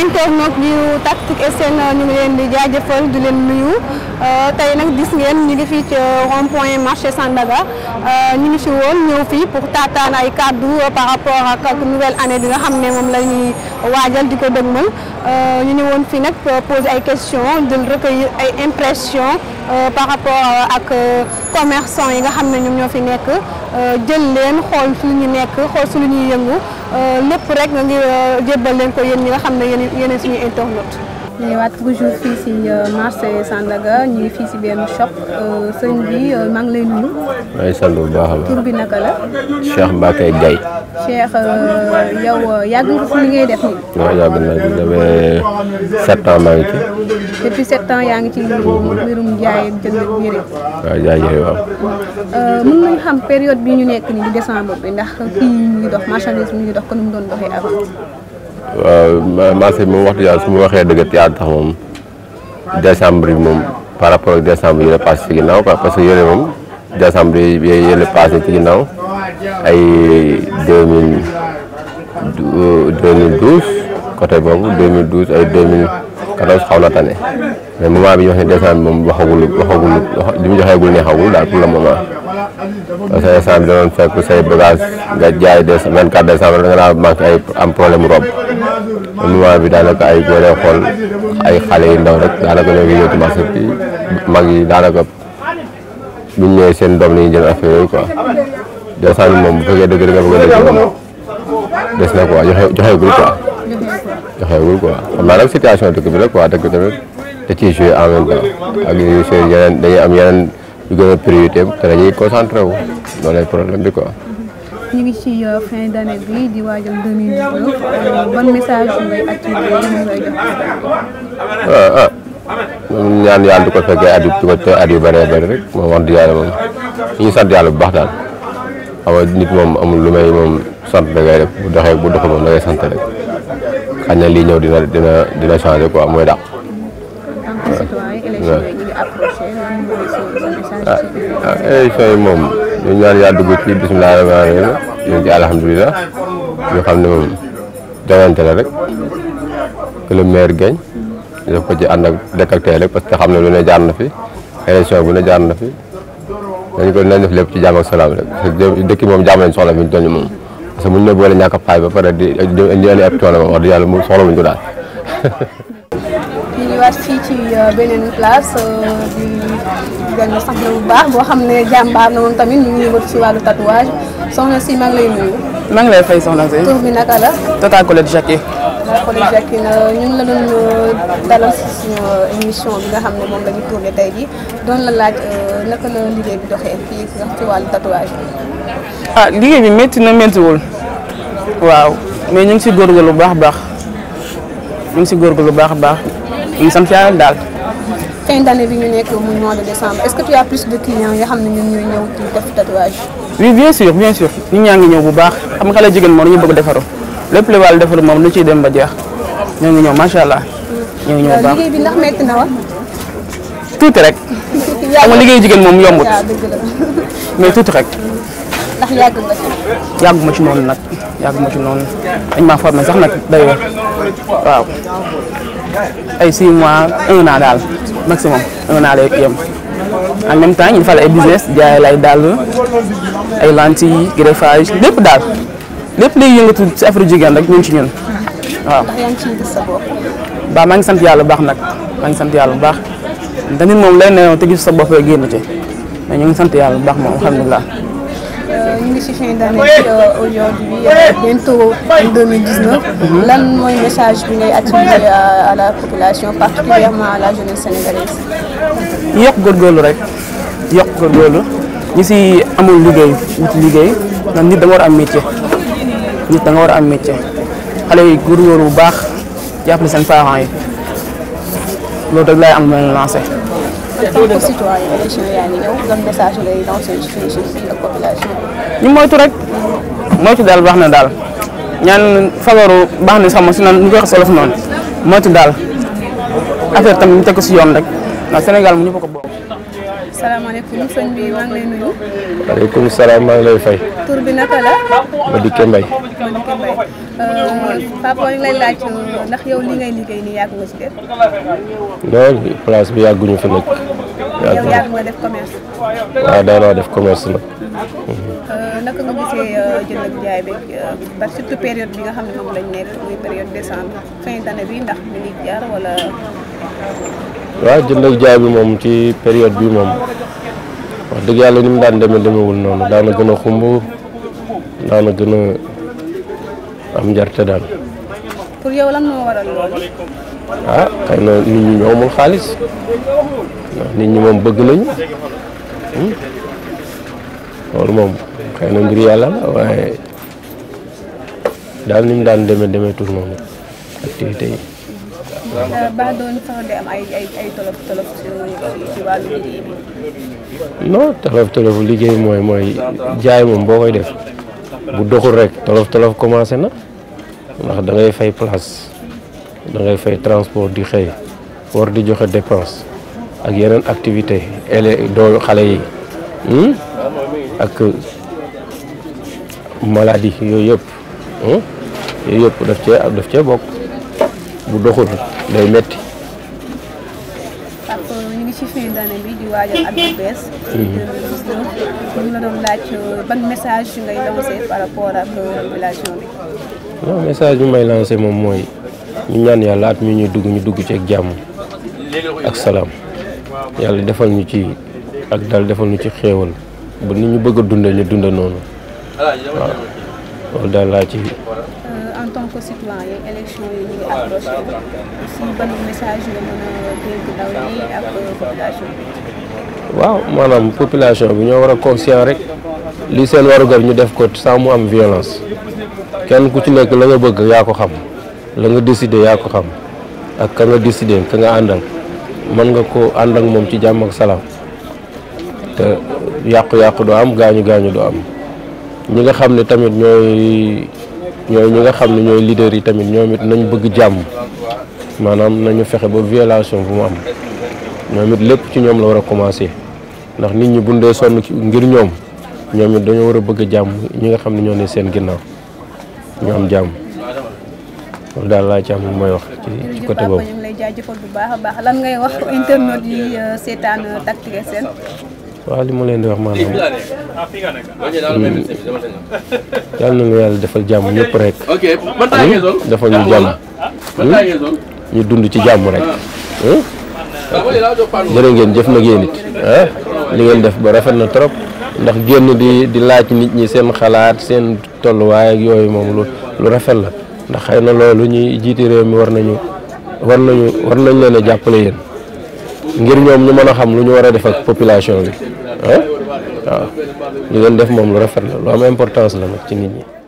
internet yu Tactic SN ñu ngi leen di jaajëfal di leen nuyu euh, tey nag gis ngeen ñu ngi fii ci rond point marché Sandaga euh, ñu ngi fi woon ñëw fii pour taataan ay kàddu euh, par rapport ak ak nouvelle année bi nga xam ne moom la ñuy waajal di ko dëgmal ñu ngi woon fi nag poser ay questions di recueillir ay impressions par rapport ak commerçants yi nga xam ne ñoom ñoo fi nekk. Euh, jël leen xool su ñu nekk xool su ñuy yëngu euh, lépp rek nga ngi euh, jébbal leen ko yéen ñi nga xam ne yéen yéen suñu internaute ñu ngi waat toujours fii si euh, marché Sandaga ñu fii si benn shop euh, sëñ bi euh, maa ngi lay nuyu. waaye sant bu baax la bi naka la. Cheikh Mbacke Gaye. Cheikh yow yàgg nga fi li ngay def nii. waaw yàgg na yaa ngi ci mbirum jaay ak jënd yére. waaw jaay yére xam période bi ñu nekk nii di décembre bi ndax kii ñu ngi dox marchandise mi ngi dox ko mu doon doxee avant. waaw marché bi moom waxtu yàlla su ma waxee dëgg yàlla tax moom décembre bi moom par rapport ak décembre yële passé ci ginnaaw quoi parce que yële moom décembre yi yële passé ci ginnaaw ay deux mille euh, deux mille douze deux mille douze ay deux mille quatorze xaw na tane mais moment bi ñu wax ne décembre moom waxagul waxagul li mu joxeegul neexagul daal pour le moment parce que décembre da doon fekk say bagage nga jaay vingt quatre décembre da nga daa manqué ay am problème robe mois bi daanaka ay boo xool ay xale yu ndaw rek daanaka léegi ñoo commencé ci mag yi daanaka buñ ñëwee seen doom la ñuy jël affaire yooyu quoi deux cent mille moom bu fekkee dëgg nga bëgg a dégg moom des na quoi joxe joxeegul quoi joxeegul situation dëkk bi la quoi dëkk tamit da ciy joué en même temps ak yeneen dañuy am yeneen yu gën a priorité te dañuy concentré wu loolu problème bi quoi ñu ngi ci euh, fin d' année bi di waajal 2019 euh, ban message ngay activé ñu ngay jox ah, ah. ñun ñaan yàlla du ko fekkee at yu du ko te at yu bëree bëri rek moom wax dëgg yàlla moom ñu sant yàlla bu baax daal xam nga nit moom amul lu may moom sant da ngay def bu doxee bu doxee moom da ngay sant rek xañ na lii ñëw dina dina dina changé quoi mooy dàq. waaw waaw ah, ah, élection yi moom. ñu ñaan yàlla dugg ci bisimilah rahmaani rahim ñu ci alhamdulilah ñu xam ne moom joŋante la rek que le maire gagne ñu def ko ci ànd ak dëkk ak tey rek parce que xam ne lu ne jaar na fi élection bu ne jaar na fi dañ ko nañ def lépp ci jàmm ak salaam rek parce que dëkk moom jàmm lañ soxla fi ñu toll moom. parce que muñ la boole ñàkk faay ba pare di di indi ay tool moom wax dëgg yàlla mu soxla wuñ ko daal. ñëwaat fii ci euh, beneen place euh, di gën a soxla bu baax boo xam ne jàmbaar na moom tamit ñu ngi yëngatu ci wàllu tatouage soxna si maa ngi lay nuyu. maa ngi lay fay soxna si. tur bi naka la. Tata Colette Jackie. Tata Colette Jackie na euh, ñu ngi la doon dalal si suñu émission bi nga xam ne moom la ñu tourné tey jii doon la laaj naka la liggéey bi doxee fii ci wàllu tatouage bi. ah liggéey bi métti na méttiwul. waaw mais ñu ngi si góorgóorlu bu baax a baax. ñu ngi si góorgóorlu bu baax a baax. ñu ngi sant yàlla daal. fin d'année bi ñu nekk muy mois de décembre xam ne ñun ñooy ñëw di def ñaa ngi ñëw bu baax xam nga xale jigéen moom dañu bëgg defaru lépp li wàllu moom lu ciy dem ba jeex ñoo ngi ñëw macha allah. ñoo ngi ñëw rek. xam nga jigéen moom yombut. mais tuuti rek. ndax ci. noonu nag yàggu ma ci noonu dañ maa formé sax nag day waaw. ay 6 mois 1 an daal maximum 1 an lay yem en même temps ñu defal ay business jaay lay dàll ay lentilles greffage lépp daal lépp luy yëngatu ci afro jigéen rek ñun ci ñun waaw. ba maa ngi sant yàlla bu baax nag maa ngi sant yàlla bu baax te moom lay neewoon te gis sa bopp rek génn ci mais ñu ngi sant yàlla bu baax moom alhamdulilah. ñu ngi si fin d' année bi aujourd'hui euh, bientôt en mhm. lan mooy message bi ngay attirer à la population particulièrement à la jeunesse sénégalaise. yokk góorgóorlu rek yokk góorgóorlu ñi si amul liggéey wuti liggéey ndax nit da war am métier nit danga war am métier xale yi góorgóorlu bu baax jàppale seen parents yi loolu rek laay am lu leen tant que ñu moytu rek moytu daal baax na daal ñaan fagaru baax na sax moom si naan ñu koy wax noonu moytu daal affaire tamit ñu teg si yoon rek ndax Sénégal mu ñu ko bokk. salaamaaleykum sëñ bi maa ngi lay nuyu. waaleykum salaam maa ngi lay fay. tur bi naka la. Madické Mbaye. Madické Mbaye euh, papa ngi lay laaj ndax yow li ngay liggéey nii yàgg nga ci def. non place bi yàgguñu fi nag. yàgg yàgg nga def commerce. waaw ah, daanaka def commerce nag. Euh, naka nga gisee euh, jënd ak jaay beeg surtout période bi nga xam ne moom lañ nekk muy période décembre fin d'année bi ndax mi ngi jaar wala. waaw jënd ak jaay bi moom ci période bi moom wax dëgg yàlla ni mu daan deme demewul noonu daana gën a xumb daana gën am njarte daal. pour yow lan moo ah, xaalis nit ñi moom bëgg nañu hmm? loolu moom xëy na mbir yàlla la waaye daal ni daan demee demeetul noonu activité yi. ba doon sax liggéey mooy mooy jaay moom boo koy def bu doxul rek tolof tolof commencé na ndax dangay fay place dangay fay transport di xëy war di joxe dépense ak yeneen activité ele doo xale yi hmm? ak maladie yooyu yëpp hmm? yooyu yëpp daf cee daf cee bokk. bu doxul day metti papa mhm. laaj euh, euh, message bi. may lancé moom mooy ñu ñaan yàlla at mi ñuy dugg ñu dugg ci ak jàmm ak salaam yàlla defal ñu ci ak daal defal ñu ci xéewal ba nit ñu bëgg a dundee ñu dunda noonu waaw daal laa ci. ko citoyen waaw maanaam population bi ñoo war a conscient rek li seen warugar ñu def ko sans mu am violence kenn ku ci nekk la nga bëgg yaa ko xam la nga décidé yaa ko xam ak ka nga décidé ka nga àndal mën nga ko ànd ak moom ci jàmm ak salaam te yàqu-yàqu du am gaañu gaañu du am ñi nga xam ne tamit ñooy. ñoo ñi nga xam ne ñooy leader yi tamit ñoom it nañ bëgg jàmm maanaam nañu fexe ba violation bu mu am ñoom it lépp ci ñoom la war a commencé ndax nit ñi bundee sonn ngir ñoom ñoom it dañoo war a bëgg jàmm ñi nga xam ne ñoo ne seen ginnaaw ñu am jàmm loolu daal laa ci am mooy wax ci ci côté boobu. baax a baax lan ngay wax internet yi euh, seetaan euh, Tabtire Sene waaw li ma leen di wax maanaam ah, yàlla na nga yàlla defal jàmm ñëpp rek hmm? defal ñu ah, jàmm ah, hmm? ñu dund ci jàmm rek hmm? jërë ngeen jëf na yéen it li ngeen def ba rafet na trop ndax génn di di laaj nit ñi seen xalaat seen tolluwaay waaye yooyu moom lu rafet la ndax xëy na loolu ñuy jiite réew mi war nañu war nañu war nañ leen jàppale yéen ngir ñoom ñu mën a xam lu ñu war a def ak population bi ah waaw ñu leen def moom lu rafet la lu am importance la nag ci nit ñi.